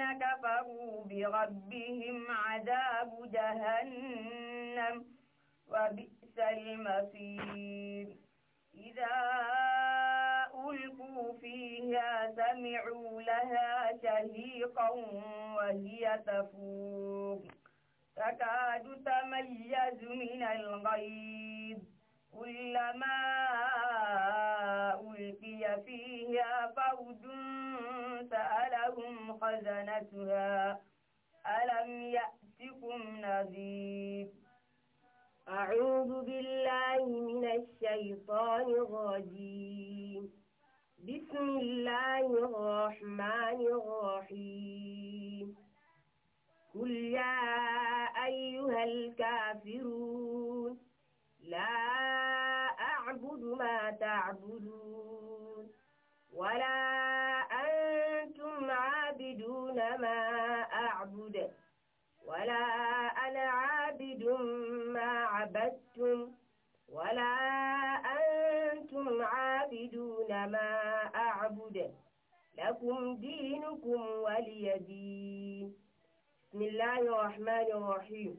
الذين كفروا بربهم عذاب جهنم وبئس المصير إذا ألقوا فيها سمعوا لها شهيقا وهي تفور تكاد تميز من الغيظ كلما ألقي فيها فوج لهم خزنتها ألم يأتكم نذير أعوذ بالله من الشيطان الرجيم بسم الله الرحمن الرحيم قل يا أيها الكافرون لا أعبد ما تعبدون ولا ولا أنا عابد ما عبدتم ولا أنتم عابدون ما أعبد لكم دينكم ولي دين بسم الله الرحمن الرحيم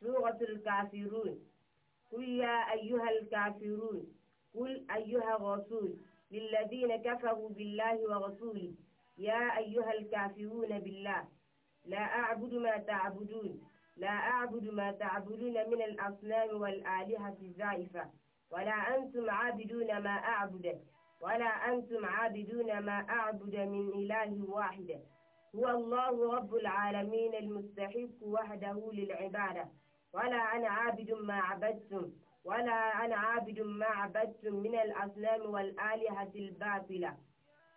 سورة الكافرون قل يا أيها الكافرون قل أيها الرسول للذين كفروا بالله ورسوله يا أيها الكافرون بالله لا أعبد ما تعبدون لا أعبد ما تعبدون من الأصنام والآلهة الزائفة ولا أنتم عابدون ما أعبد ولا أنتم عابدون ما أعبد من إله واحد هو الله رب العالمين المستحق وحده للعبادة ولا أنا عابد ما عبدتم ولا أنا عابد ما عبدتم من الأصنام والآلهة الباطلة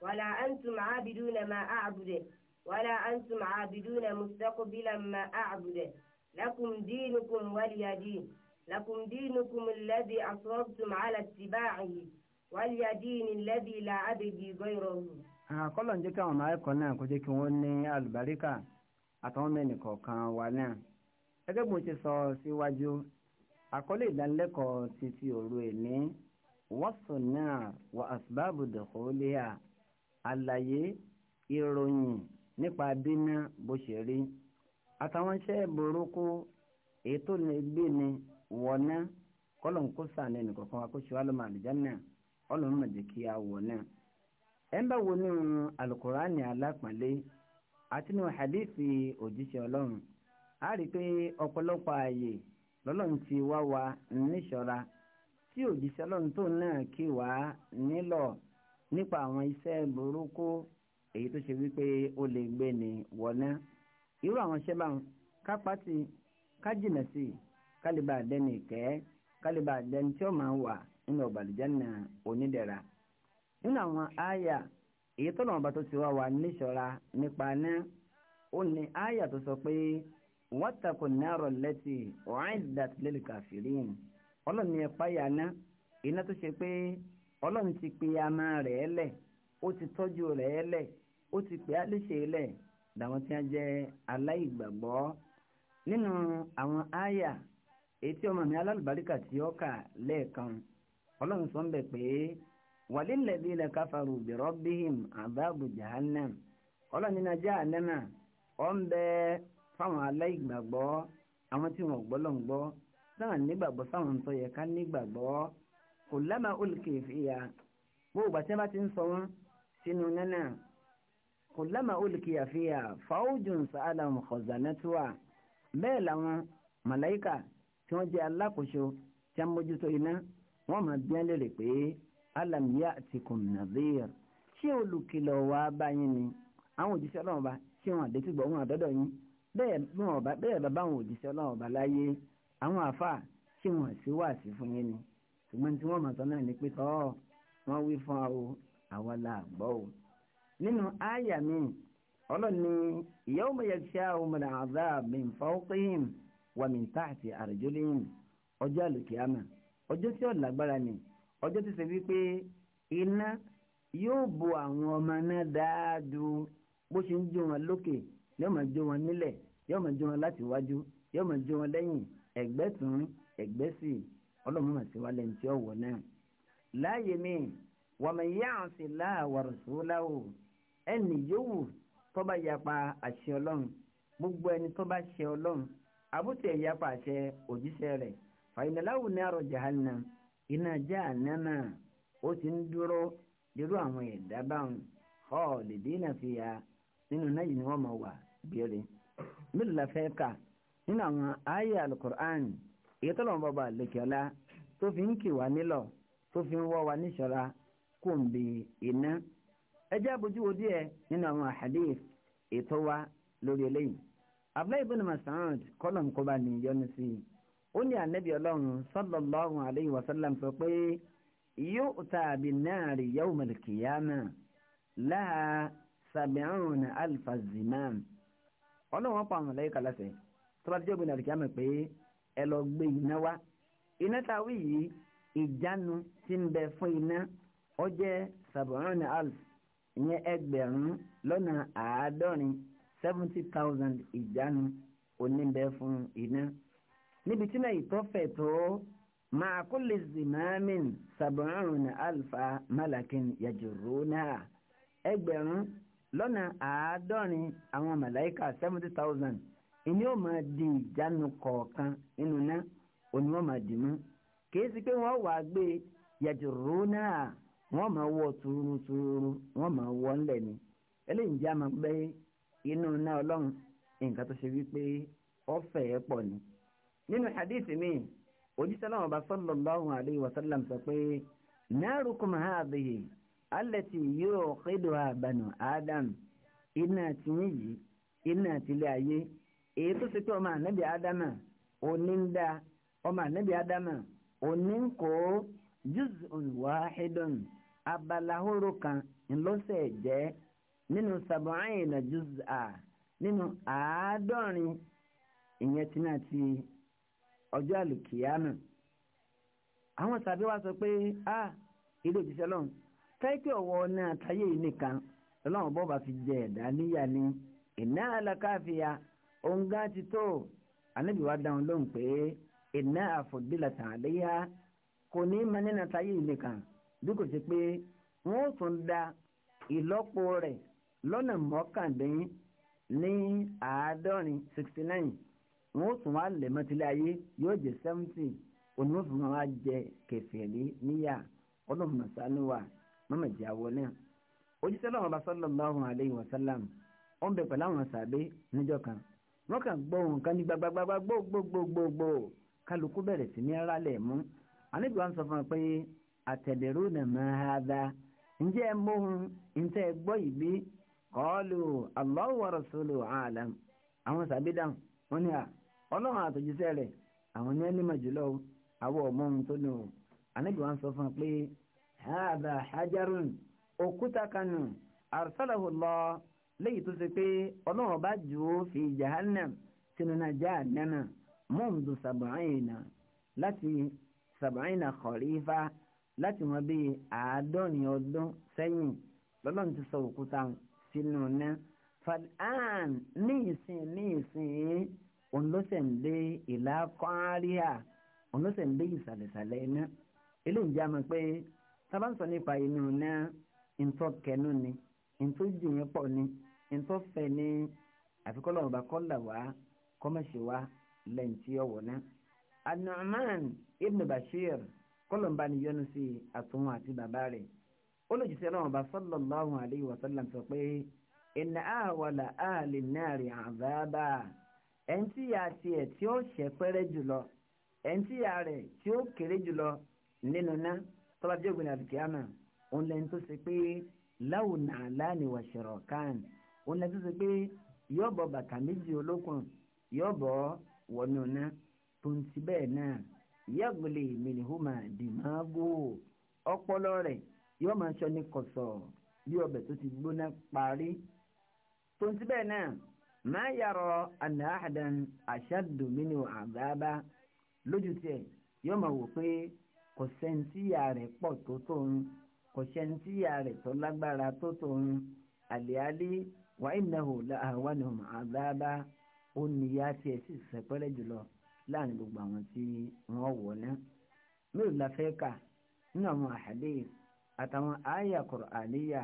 ولا أنتم عابدون ما أعبد ولا أنتم عابدون مستقبلا ما أعبد لكم دينكم ولي دين لكم دينكم الذي أصررتم على اتباعه ولي دين الذي لا أبدي غيره kọ́lọ̀ ń jẹ́ kí àwọn ọmọ ẹ̀kọ́ náà kó jẹ́ kí wọ́n ní àlùbáríkà àtàwọn ọmọ ẹnìkọ̀ọ̀kan wà náà gẹ́gẹ́ bí mo ti sọ síwájú àkọlé ìdánilẹ́kọ̀ọ́ ti ti òru èní wọ́sùn náà wà asbáàbù dọ̀kọ́ lẹ́yà nípa bíná bó ṣe rí àtàwọn iṣẹ́ burúkú èyí tó lè gbé ni wọ̀ná kọ́lọ̀n kó sàánú ẹnì kọ̀ọ̀kan wa kó ṣe wá lọ́mọ ọlọ́run kí a wọ̀ná. ẹ̀ ń bá wo alukurani àti hadithi òjíṣẹ́ ọlọ́run a rí i pé ọ̀pọ̀lọpọ̀ ààyè lọ́lọ́run ti wá wa níṣọ́ra tí òjíṣẹ́ ọlọ́run tó náà èyí tó ṣe wípé ó lè gbé ni wọ̀ná irú àwọn iṣẹ́ báwọn ká pátì ká jìnà sí i ká lè bá a dẹni ìkẹ́ ká lè bá a dẹni tí ó máa wà nínú ọ̀bàlùjánà onídẹ̀ra nínú àwọn àyà èyí tó lọ́wọ́ bá tó ti wá wà níṣọ́ra nípa náà ó ní àyà tó sọ pé wattaqun naro lati u'iddat lil kafirin ọlọ́run ní ẹ̀pá yà ná iná tó ṣe pé ọlọ́run ti pe amá rẹ̀ lẹ̀ ó ti tọ́jú rẹ̀ lẹ̀ ó ti pè á léṣe lẹ̀ làwọn tí wọ́n jẹ́ aláìgbàgbọ́ nínú àwọn àyà èyí ọmọ mi alálùbáríkà tí ó kà lẹ́ẹ̀kan ọlọ́run sọ ń bẹ̀ pé wàlílẹ̀bí ilẹ̀ káfàrú bìrọ̀ bíhìm ọlọ́run nínú ajá ọ ń bẹ fáwọn aláìgbàgbọ́ àwọn tí wọn gbọ́ gbọ́ nígbàgbọ́ sáwọn yẹ ká nígbàgbọ́ kò lámà gbogbo àti ẹ bá ti ń sọ wọn sínú nánà kùlámà olùkìyà fi hà fàájùn sàálà mùkọ̀zánátúwà bẹ́ẹ̀ làwọn màláìkà tí wọ́n jẹ́ alákòóso tí wọ́n mójútó iná wọ́n máa bí wọ́n lérè pé alam ya'tikum nadhir ṣé olùkìlọ̀ wá báyìí ni àwọn òjíṣẹ́ ọlọ́run ọba ṣé wọn àdétí gbọ́ wọn àdọ́dọ̀ yín bẹ́ẹ̀ bàbá àwọn òjíṣẹ́ ọlọ́run ọba láyé àwọn àáfàá ṣé wọn sì wà sí fún yín ni ṣùgbọ́n tí wọ́n máa sọ náà ní pé wọ́n wí fún wa o àwa la nínú àyà mi ọlọ́ni yawma yaghshahumul adhab min fawqihim wa min tahti arjulihim ọjọ́ àlùkìyàmà ọjọ́ tí ó lágbára ni ọjọ́ tí ṣe wípé iná yóò bo àwọn ọmọ náà dáadu bó ṣe ń jó wọn lókè yóò máa jó wọn nílẹ̀ yóò máa jó wọn láti wájú yóò máa jó wọn lẹ́yìn ẹ̀gbẹ́ tún ẹ̀gbẹ́ sí ọlọ́run máa ṣe wá lẹ́yìn tí ó náà. láàyè mi wa man ya'si Allaha wa rasulahu ẹnì yòówù tó bá yapa àṣẹ ọlọ́run gbogbo ẹni tó bá ṣe ọlọ́run àbútẹ̀ yapa àṣẹ òjíṣẹ́ rẹ̀ fàyínàláwù ní àrò jahanna iná na ó ti ń dúró dúró àwọn ẹ̀dá báwọn khalidina fiha nínú náà yìí ni wọ́n mọ̀ wà bẹ̀rẹ̀ mílò la kà nínú àwọn ayé alukur'an èyí tó lọ́wọ́ bàbá lẹ́kẹ̀ọ́lá tó fi ń kì wá nílọ̀ tó fi ń wọ́ wa níṣọ́ra kò ń ẹjẹ́ àbójú wo díẹ̀ nínú àwọn hadith ètò wa lórí eléyìí abdullahi ibn Mas'ud kọ́lọ̀m kó bá ní yọnu sí i ó ní ànábì ọlọ́run sallallahu alayhi wa sallam sọ pé yu'ta bin nari yawm al-qiyamah laha sab'una alfa zimam ọlọ́run pa àwọn màláíkà láṣẹ tó bá ti jẹ́ ògbìn pé ẹ lọ gbé iná wá iná tá yìí ìjánu ti ń bẹ fún iná ó jẹ́ sab'una alfa ìyẹn ẹgbẹ̀rún lọ́nà àádọ́rin seventy thousand ìjánu oníbẹ̀ fún iná níbi tí náà ìtọ́fẹ̀ tó máa kó lè zì alfa malakin yàjòrò náà ẹgbẹ̀rún lọ́nà àádọ́rin àwọn màláìka seventy thousand ìní ò máa di ìjánu kọ̀ọ̀kan nínú náà òní máa dì mú kì í sì pé wọ́n máa wọ́ tuuru tuuru wọ́n máa wọ́ ńlẹ̀ ni eléyìí jẹ́ àmọ́ pé inú iná ọlọ́run nǹkan tó ṣe wípé ọ̀fẹ́ ẹ̀ pọ̀ ni. nínú hadith mi òjíṣẹ́ láwọn ọba sallallahu alayhi wa sallam sọ pé narukum hadhihi allati yuqiduha banu adam iná tìyín yìí iná tìlẹ̀ ayé èyí tó ṣe pé ọmọ ànábì ádámà òní ń dá ọmọ ànábì ádámà òní ń kó juz'un wahidun. abalahoro kan ńlọ́sẹ̀ jẹ́ nínú sàbọ̀nrín ìnàjúz à nínú àádọ́rin ìyẹn tí náà ti ọjọ́ àlùkìyámà àwọn sàbí wa sọ pé a ilé òjíṣẹ́ lọ́hùn táìpẹ́ ọ̀wọ́ náà táyé yìí nìkan lọ́wọ́n bọ́ bá fi jẹ ẹ̀dá níyà ni iná alákàfíà òǹgá ti tó ànábì wa dáhùn lóhùn pé iná àfọ̀dílà tàn àléyà kò ní í ma nínú táyé yìí nìkan bí kò ṣe pé wọ́n ó tún da ìlọ́po rẹ̀ lọ́nà mọ́kàndín ní àádọ́rin sixty nine wọ́n ó tún wá lẹ̀ mọ́tílẹ̀ ayé yóò jẹ́ seventy òní wọ́n fún wa jẹ kẹfẹ́lẹ́ níyà ọlọ́run màsánú wa mọ́mọ́ ìjà wọlé ojúṣe lọ́wọ́ bá wa sallam ó ń bẹ pẹ̀lú àwọn sàbẹ́ níjọ́ kan wọ́n kàn gbọ́ ohun kan ní gbagbagba gbogbogbogbogbò kálukú bẹ̀rẹ̀ sí ní rálẹ̀ mú àníbi ń sọ fún wa pé àtẹ̀dẹ̀rú nà máa ha dá ǹjẹ́ ẹ mọ́hun ǹtẹ́ ẹ gbọ́ yìí bí kọ́ọ̀lù Allahu wa rasuluhu alam àwọn sàbídà wọn ni à ọlọ́run àtòjíṣẹ́ rẹ̀ àwọn ní ẹni màjúlọ àwọn ọmọ ohun tó nù ànábì wọn sọ fún un pé hàdà hajarun òkúta kanu arsalahu Allah léyìí tó ṣe pé ọlọ́run bá jù ú fi jahannam sínú náà jahannama mọ́ǹdù sàbàáyìnà láti sàbàáyìnà kọ̀rífà láti mọ bí àádọ́rin ọdún sẹ́yìn lọ́lọ́run ti sọ òkúta sínú náà fàdán ní ìsìn ní ìsìn òun ló sẹ̀ ń dé ìlà kọ́ńáríà òun ló sẹ̀ ń dé ìsàlẹ̀sàlẹ̀ iná eléyìí jẹ́ àmọ́ pé sábà ń sọ nípa inú náà ntọ́ kẹnu ni ntọ́ jìnyín pọ̀ ni ntọ́ fẹ́ ni àfikọ́lọ́ ọba kọ́là wá kọ́mọ̀ṣẹ̀ wá lẹ́yìn tí ọ̀wọ̀ náà. an ibn Bashir kọ́lọ̀ ń bá ní yọ́nú sí àtúnwò àti bàbá rẹ̀ olùjíṣẹ́ náà bá sallallahu alayhi wa sallam sọ pé inna awala ahli nari azaba ẹni tí ìyà tiẹ̀ tí ó ṣẹ̀ pẹ́rẹ́ jùlọ ẹni tí ìyà rẹ̀ tí ó kéré jùlọ nínú ná tọ́lá bí ògbìn àlùkìyàmà òun lẹ́ni tó ṣe pé láwù nàlá ni wà ṣẹ̀rọ̀ kán òun lẹ́ni tó ṣe pé yọ̀bọ̀ bàtà méjì olókùn yọ̀bọ̀ wọnú ná tó ń ti bẹ́ẹ̀ náà yẹ́gbẹ̀lẹ̀ mìnìhùmà dìmágò ọpọlọ rẹ̀ yóò máa ṣọ ní kọ̀sọ̀ bí ọbẹ̀ tó ti gbóná parí. tó ń síbẹ̀ náà máa yàrá àdáhàdán àṣàdùmínú àbábá lójú tiẹ̀ yóò máa wò pé kò sẹ́ńtíyà rẹ̀ pọ̀ tó tóun kò sẹ́ńtíyà rẹ̀ tó lágbára tó tóun àlẹ́álẹ́ wàá ìnáwó làwọn àbábá ó níyà tiẹ̀ sì sẹ́pẹ́rẹ́ jùlọ láàrin gbogbo àwọn tí wọ́n wọ̀ náà mélòó la fẹ́ kà nínú àwọn àhàdé àtàwọn àyà Kùránìyà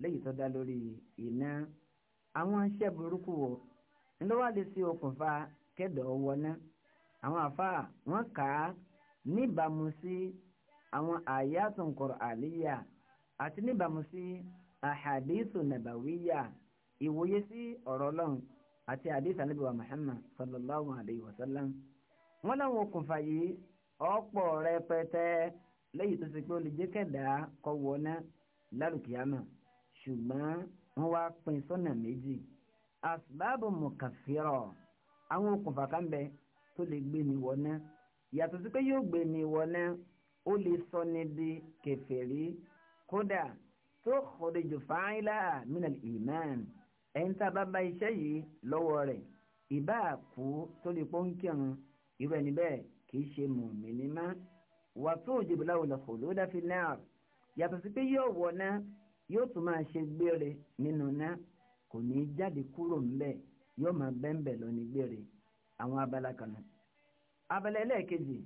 lẹ́yìn tó dá lórí iná àwọn iṣẹ́ burúkú wo ńlọ́wọ́ lè ṣe okùnfà kẹ́dọ̀ wọná àwọn àfáà wọ́n kà á níbàámu sí àwọn àyàtùn Kùránìyà àti níbàámu sí àhàdísù nàbàwíyà ìwòye sí ọ̀rọ̀ ọlọ́run àti àdìsí ànábì wa Muhammad sallallahu alayhi wa sallam wọ́n láwọn okùnfà yìí ọ̀pọ̀ rẹpẹtẹ lẹ́yìn tó ṣe pé ó lè jẹ́ kẹ̀dá kọ wọná lálùkìyàmọ̀ ṣùgbọ́n wọ́n wá pín sọ́nà méjì asbábù mùkàfírọ̀ àwọn okùnfà kan bẹ tó lè gbé ni wọná yàtọ̀ sí pé yóò gbé ni wọná ó lè sọ ni di kèfèrí kódà tó kòrejò fáńlá minal iman ẹ̀ńtà bàbá iṣẹ́ yìí lọ́wọ́ rẹ̀ ìbá kú tó lè pọ́nkẹ́rùn-ún irú ẹni bẹ́ẹ̀ kì í ṣe mùmíní má wà tó òjìbò láwùlọ kò ló dáfi náà yàtọ̀ sí pé yóò wọ̀ náà yóò tún máa ṣe gbére nínú náà kò ní í jáde kúrò ńbẹ̀ yóò máa bẹ́ńbẹ̀ lọ ní gbére àwọn abala kanu abala ẹlẹ́ẹ̀kejì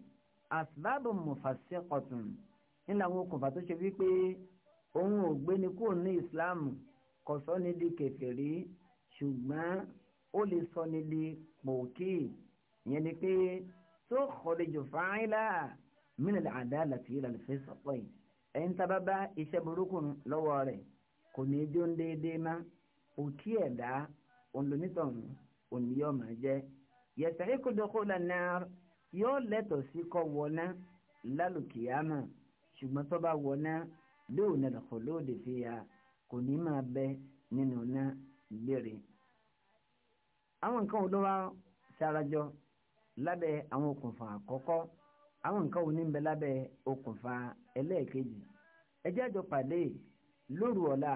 asbábù mufassiqatun ńlá àwọn okùnfà tó ṣe wípé òun ò gbé ni kúrò ní ìsìláàmù kò di kèfèrí ṣùgbọ́n ó lè sọ ní di pòkì ìyẹn ni pé tó kọ̀lẹ́jù fáńlá mínà àdá láti ilà lè fẹ́ sọ̀pọ̀ yìí ẹ̀yìn tá a bá bá iṣẹ́ burúkú lọ́wọ́ rẹ̀ kò ní jó ń déédéé má òkí ẹ̀dá olùmítọ̀hún òní yóò máa jẹ́ yẹ̀sẹ̀ ìkúdókòó lànà yóò lẹ́tọ̀ọ́ sí kọ́ wọná lálùkìyàmà ṣùgbọ́n tó bá wọná lóò nà lọ́kọ̀ lóòdì fi ya kò ní máa bẹ nínú náà gbére. àwọn nǹkan ò lọ́wọ́ sarajọ́ lábẹ́ àwọn okùnfà àkọ́kọ́ àwọn nǹkan wo ní ń bẹ lábẹ́ okùnfà ẹlẹ́ẹ̀kejì ẹ jẹ́ àjọ pàdé lóru ọ̀la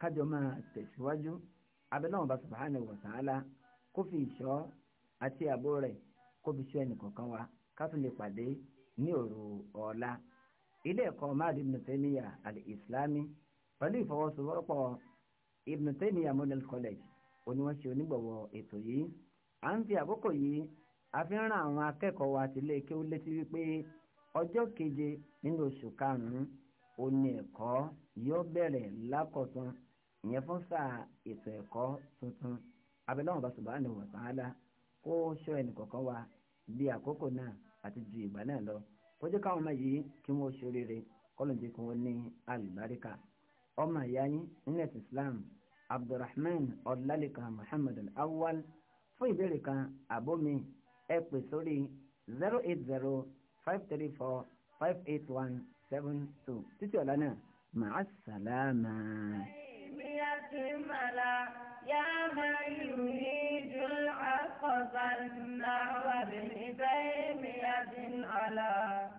kájọ máa tẹ̀síwájú abẹ́láwọn bá subhanahu wa ta'ala kó fi ìṣọ́ àti ààbò rẹ̀ kó fi ṣọ́ ẹnìkọ̀ọ̀kan wa ká tún lè pàdé ní òru ọ̀la ilé ẹ̀kọ́ máàdì ibn Taymiyyah al-Islami pẹ̀lú ìfọwọ́sowọ́pọ̀ ibn Taymiyyah Model College oníwọ́n ṣe onígbọ̀wọ́ ètò yìí à ń fi àkókò yìí àfihàn àwọn akẹ́kọ̀ọ́ wa ti lé kí ó létí wípé ọjọ́ keje nínú oṣù karùn-ún òní ẹ̀kọ́ yóò bẹ̀rẹ̀ lákọ̀tún ìyẹn fún sáà ètò ẹ̀kọ́ tuntun abẹ́lẹ́wọ̀n bá subhanahu wa ta'ala kó ṣọ́ ẹnìkọ̀ọ̀kan wa bí àkókò náà àti ju ìgbà náà lọ kó jẹ́ káwọn ọmọ yìí kí wọ́n ṣoríire kọ́lọ̀dé kí wọ́n ní alùbáríkà ọmọ ìyá yín nílẹ̀ tí Islam Abdulrahman ọ̀làlẹ̀kan Muhammad Awwal fún ìbéèrè kan àbómi ẹ pè sórí zero eight zero five three four five eight one seven two títí ọ̀la náà màá sàlámà. يا من يريد الحق فلنعوى بهديه على